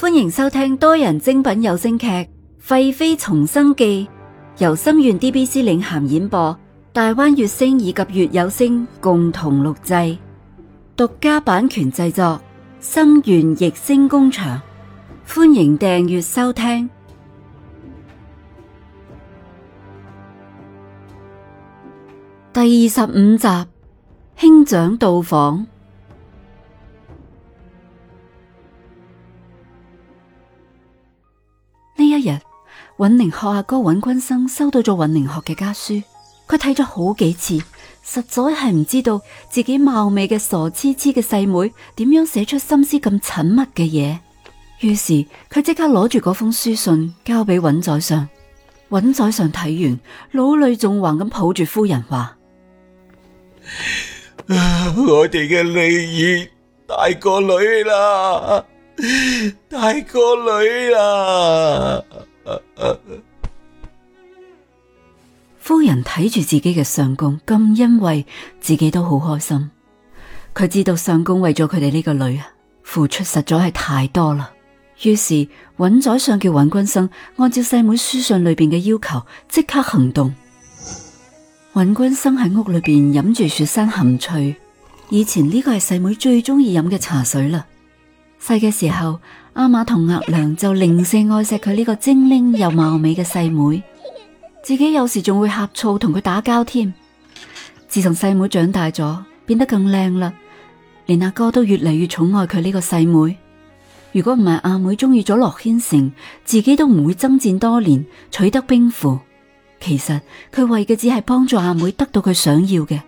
歡迎收聽多人精品有聲劇《廢妃重生記》，由心願 DBC 領銜演播，大灣月星以及月有聲共同錄製，獨家版權製作，心願逸星工場。歡迎訂閱收聽第二十五集，兄長到訪。尹寧學阿哥，尹君生收到咗尹寧學嘅家書，佢睇咗好幾次，實在係唔知道自己貌美嘅傻痴痴嘅細妹點樣寫出心思咁縝密嘅嘢。於是佢即刻攞住嗰封書信交俾尹宰相。尹宰相睇完，老淚縱橫咁抱住夫人話： 我哋嘅女兒大個女啦，大個女啦。夫人睇住自己嘅相公咁欣慰，自己都好開心。佢知道相公為咗佢哋呢個女啊，付出實在係太多啦。於是尹宰相叫尹君生按照細妹書信裏邊嘅要求即刻行動。尹君生喺屋裏邊飲住雪山含翠，以前呢個係細妹最中意飲嘅茶水啦。細嘅時候，阿瑪同額娘就零舍愛錫佢呢個精靈又貌美嘅細妹。自己有時仲會呷醋同佢打交添。自從細妹長大咗，變得更靚啦，連阿哥都越嚟越寵愛佢呢個細妹。如果唔係阿妹中意咗駱軒成，自己都唔會征戰多年取得兵符。其實佢為嘅只係幫助阿妹得到佢想要嘅。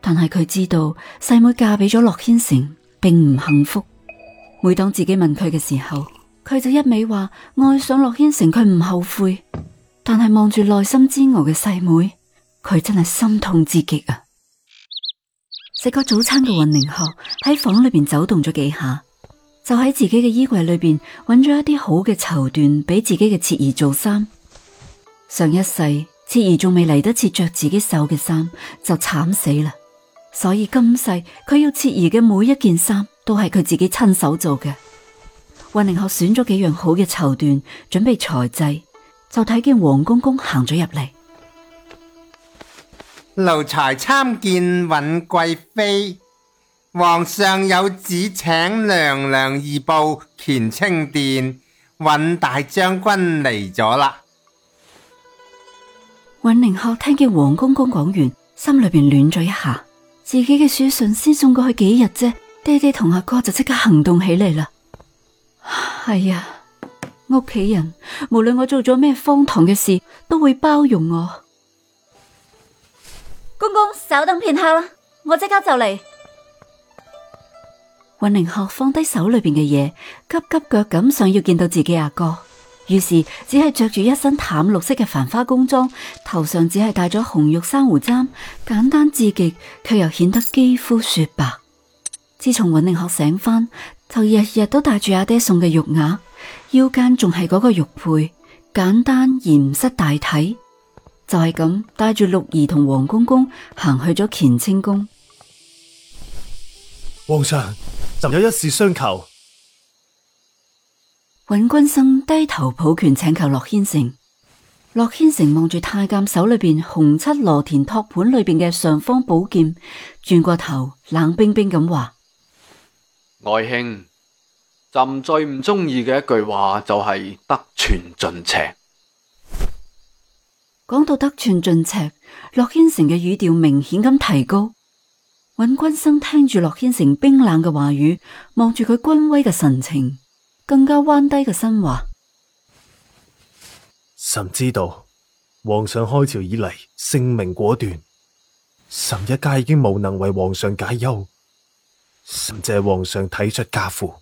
但係佢知道細妹嫁俾咗駱軒成，並唔幸福。每當自己問佢嘅時候，佢就一味話愛上駱軒成，佢唔後悔。但係望住內心煎熬嘅細妹，佢真係心痛至極啊！食過早餐嘅雲寧學，喺房裏邊走動咗幾下，就喺自己嘅衣櫃裏邊揾咗一啲好嘅綢緞，俾自己嘅徹兒做衫。上一世徹兒仲未嚟得切着自己手嘅衫，就慘死啦。所以今世佢要徹兒嘅每一件衫都係佢自己親手做嘅。雲寧學選咗幾樣好嘅綢緞，準備裁製。就睇見黃公公行咗入嚟。奴才參見尹貴妃，皇上有旨請娘娘移步乾清殿，尹大將軍嚟咗啦。尹寧鶴聽見黃公公講完，心裏邊暖咗一下，自己嘅書信先送過去幾日啫，爹爹同阿哥就即刻行動起嚟啦。係呀。屋企人，無論我做咗咩荒唐嘅事，都會包容我。公公，稍等片刻，我即刻就嚟。尹寧鶴放低手裏邊嘅嘢，急急腳咁想要見到自己阿哥，於是只係着住一身淡綠色嘅繁花工裝，頭上只係戴咗紅玉珊瑚簪，簡單至極，卻又顯得肌膚雪白。自從尹寧鶴醒翻，就日日都戴住阿爹送嘅玉牙。腰間仲係嗰個玉佩，簡單而唔失大體，就係咁帶住六兒同黃公公行去咗乾清宮。皇上，朕有一事相求。尹君生低頭抱拳，拳請求洛軒成，洛軒成望住太監手裏邊紅漆羅田托盤裏邊嘅尚方寶劍，轉過頭冷冰冰咁話：「外卿。」朕最唔中意嘅一句話就係得寸進尺。講到得寸進尺，駱軒成嘅語調明顯咁提高。尹君生聽住駱軒成冰冷嘅話語，望住佢君威嘅神情，更加彎低嘅身話，臣知道皇上開朝以嚟，聖明果斷。臣一家已經無能為皇上解憂。臣謝皇上體恤家父。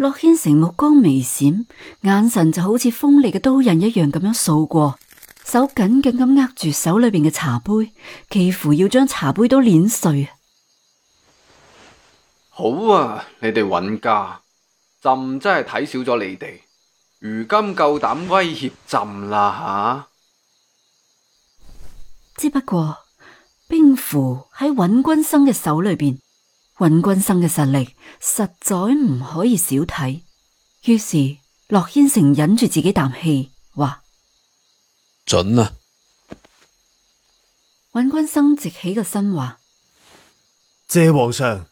駱軒成目光微閃，眼神就好似鋒利嘅刀刃一樣咁樣掃過，手緊緊咁握住手裏邊嘅茶杯，幾乎要將茶杯都碾碎。好啊，你哋尹家，朕真係睇少咗你哋，如今夠膽威脅朕啦吓！啊、只不過，兵符喺尹君生嘅手裏邊。尹君生嘅實力實在唔可以小睇，於是駱軒成忍住自己啖氣，話：准啊！尹君生直起個身話：謝皇上。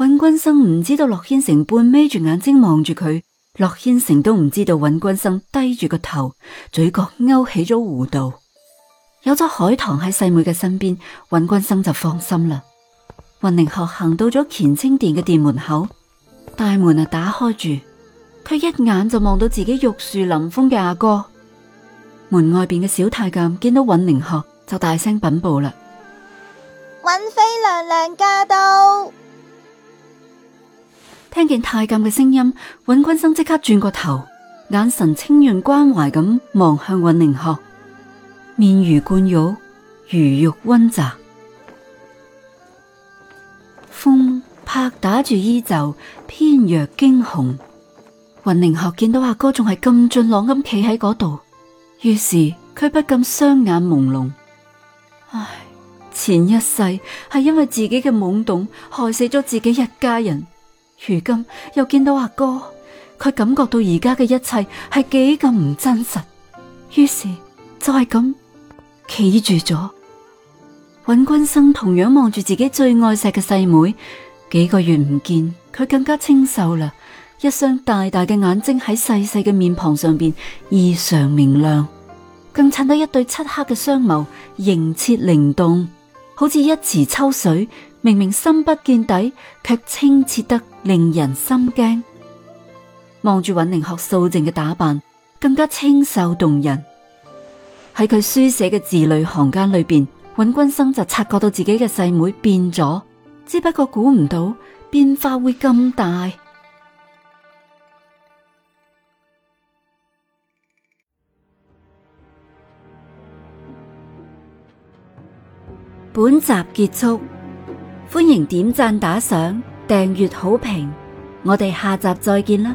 尹君生唔知道駱軒成半眯住眼睛望住佢，駱軒成都唔知道尹君生低住個頭，嘴角勾起咗弧度。有咗海棠喺細妹嘅身邊，尹君生就放心啦。尹寧鶴行到咗乾清殿嘅殿門口，大門啊，打開住，佢一眼就望到自己玉樹臨風嘅阿哥。門外邊嘅小太監見到尹寧鶴就大聲稟報啦：尹妃娘娘駕到！聽見太監嘅聲音，尹君生即刻轉個頭，眼神清潤關懷咁望向尹寧鶴，面如冠玉，如玉溫澤。風拍打住衣袖，翩若驚鴻。雲寧鶴見到阿哥仲係咁俊朗咁企喺嗰度，於是佢不禁雙眼朦朧。唉，前一世係因為自己嘅懵懂，害死咗自己一家人。如今又見到阿哥，佢感覺到而家嘅一切係幾咁唔真實。於是就係咁企住咗。尹君生同樣望住自己最愛錫嘅細妹，幾個月唔見，佢更加清秀啦。一雙大大嘅眼睛喺細細嘅面龐上邊異常明亮，更襯得一對漆黑嘅雙眸凝澈靈動，好似一池秋水，明明深不見底，卻清澈得令人心驚。望住尹寧學素淨嘅打扮，更加清秀動人。喺佢書寫嘅字裏行間裏邊。尹君生就察覺到自己嘅細妹變咗，只不過估唔到變化會咁大。本集結束，歡迎點讚、打賞、訂閱、好評，我哋下集再見啦！